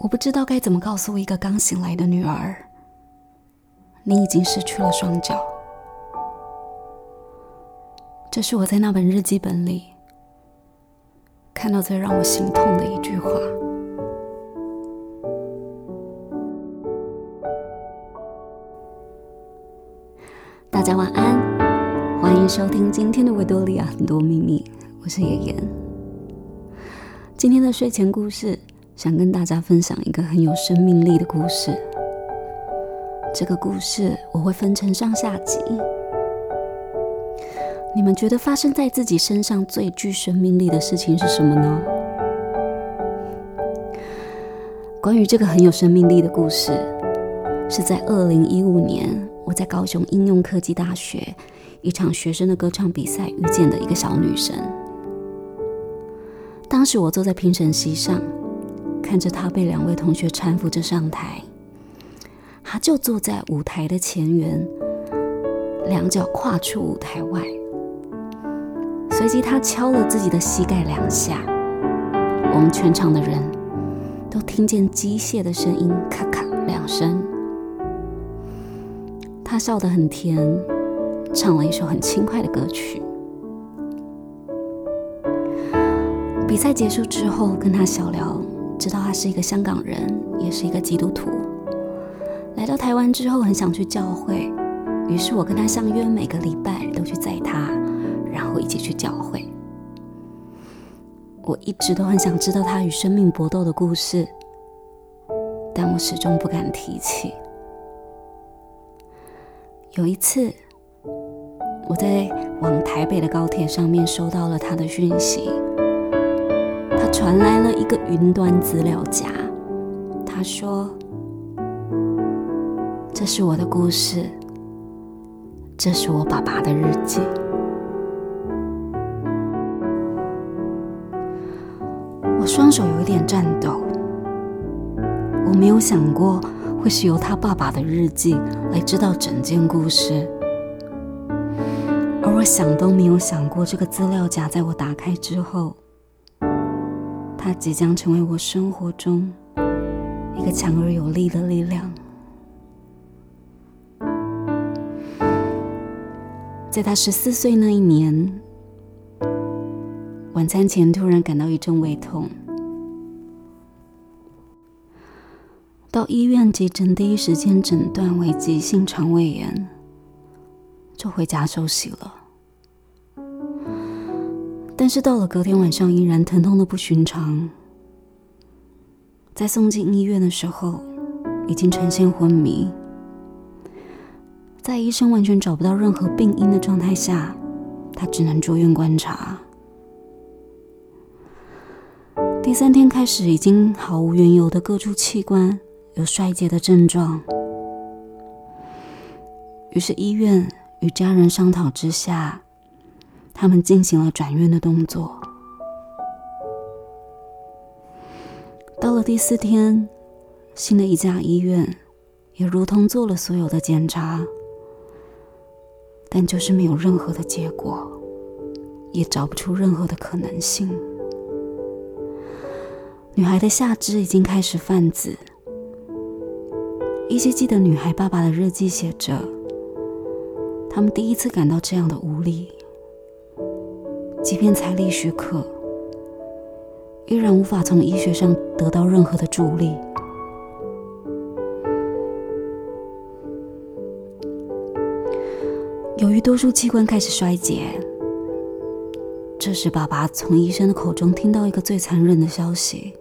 我不知道該怎麼告訴一個剛醒來的女兒，你已經失去了雙腳。這是我在那本日記本裡看到最讓我心痛的一句話。大家晚安，歡迎收聽今天的《維多莉亞很多秘密》，我是言言。今天的睡前故事，想跟大家分享一個很有生命力的故事。這個故事我會分成上下集。你們覺得發生在自己身上最具生命力的事情是什麼呢？關於這個很有生命力的故事，是在二零一五年我在高雄應用科技大學一場學生的歌唱比賽遇見的一個小女生。當時我坐在評審席上，看着他被兩位同學攙扶着上台。他就坐在舞台的前緣，兩腳跨出舞台外。隨即，他敲了自己的膝蓋兩下，我們全場的人都聽見機械的聲音“咔咔”兩聲。他笑得很甜，唱了一首很輕快的歌曲。比賽結束之後，跟他小聊，知道他是一個香港人，也是一個基督徒。來到台灣之後，很想去教會，於是我跟他相約，每個禮拜都去載他，然後一起去教會。我一直都很想知道他與生命搏鬥的故事，但我始終不敢提起。有一次，我在往台北的高鐵上面收到了他的訊息。傳來了一個雲端資料夾，他說：“這是我的故事，這是我爸爸的日記。”我雙手有一點顫抖，我沒有想過會是由他爸爸的日記來知道整件故事，而我想都沒有想過這個資料夾在我打開之後。他即將成為我生活中一個強而有力的力量。在他十四歲那一年，晚餐前突然感到一陣胃痛，到醫院急診，第一時間診斷為急性腸胃炎，就回家休息了。但是到了隔天晚上，依然疼痛得不尋常。在送進醫院的時候，已經呈現昏迷。在醫生完全找不到任何病因的狀態下，他只能住院觀察。第三天開始，已經毫無緣由的各處器官有衰竭的症狀。於是醫院與家人商討之下，他們進行了轉院的動作。到了第四天，新的一家醫院也如同做了所有的檢查，但就是沒有任何的結果，也找不出任何的可能性。女孩的下肢已經開始泛紫。依稀記得女孩爸爸的日記寫着：“他們第一次感到這樣的無力。”即便財力許可，依然無法從醫學上得到任何的助力。由於多數器官開始衰竭，這時爸爸從醫生的口中聽到一個最殘忍的消息。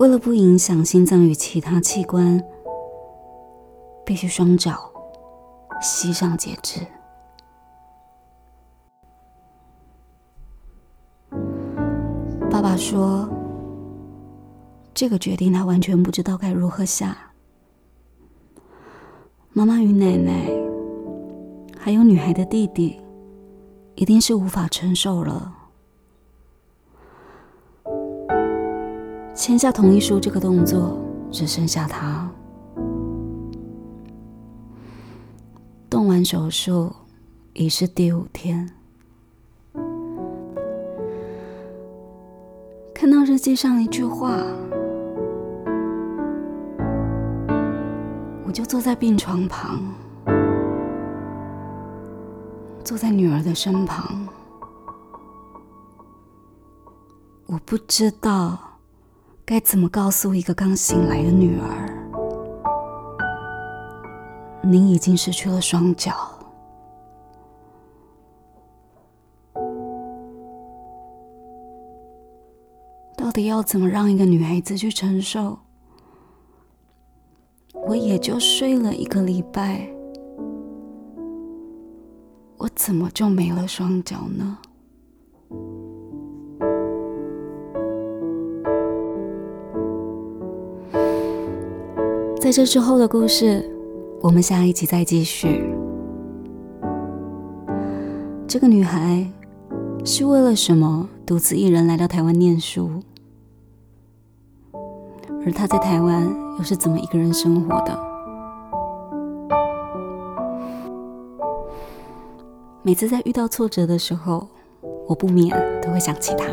為了不影響心臟與其他器官，必須雙腳。膝上截肢。爸爸說：“這個決定他完全不知道該如何下。”媽媽與奶奶，還有女孩的弟弟，一定是無法承受了。簽下同意書這個動作，只剩下他。做完手術已是第五天，看到日記上一句話，我就坐在病床旁，坐在女兒的身旁，我不知道該怎麼告訴一個剛醒來的女兒。您已經失去了雙腳，到底要怎麼讓一個女孩子去承受？我也就睡了一個禮拜，我怎麼就沒了雙腳呢？在這之後的故事。我們下一集再繼續。這個女孩是為了什麼獨自一人來到台灣念書？而她在台灣又是怎麼一個人生活的？每次在遇到挫折的時候，我不免都會想起她，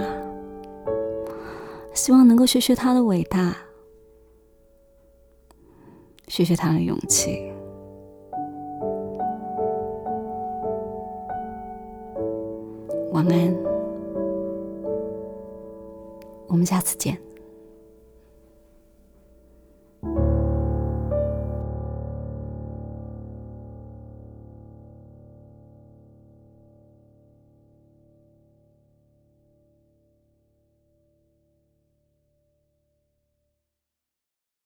希望能夠學學她的偉大，學學她的勇氣。晚安，我們下次見。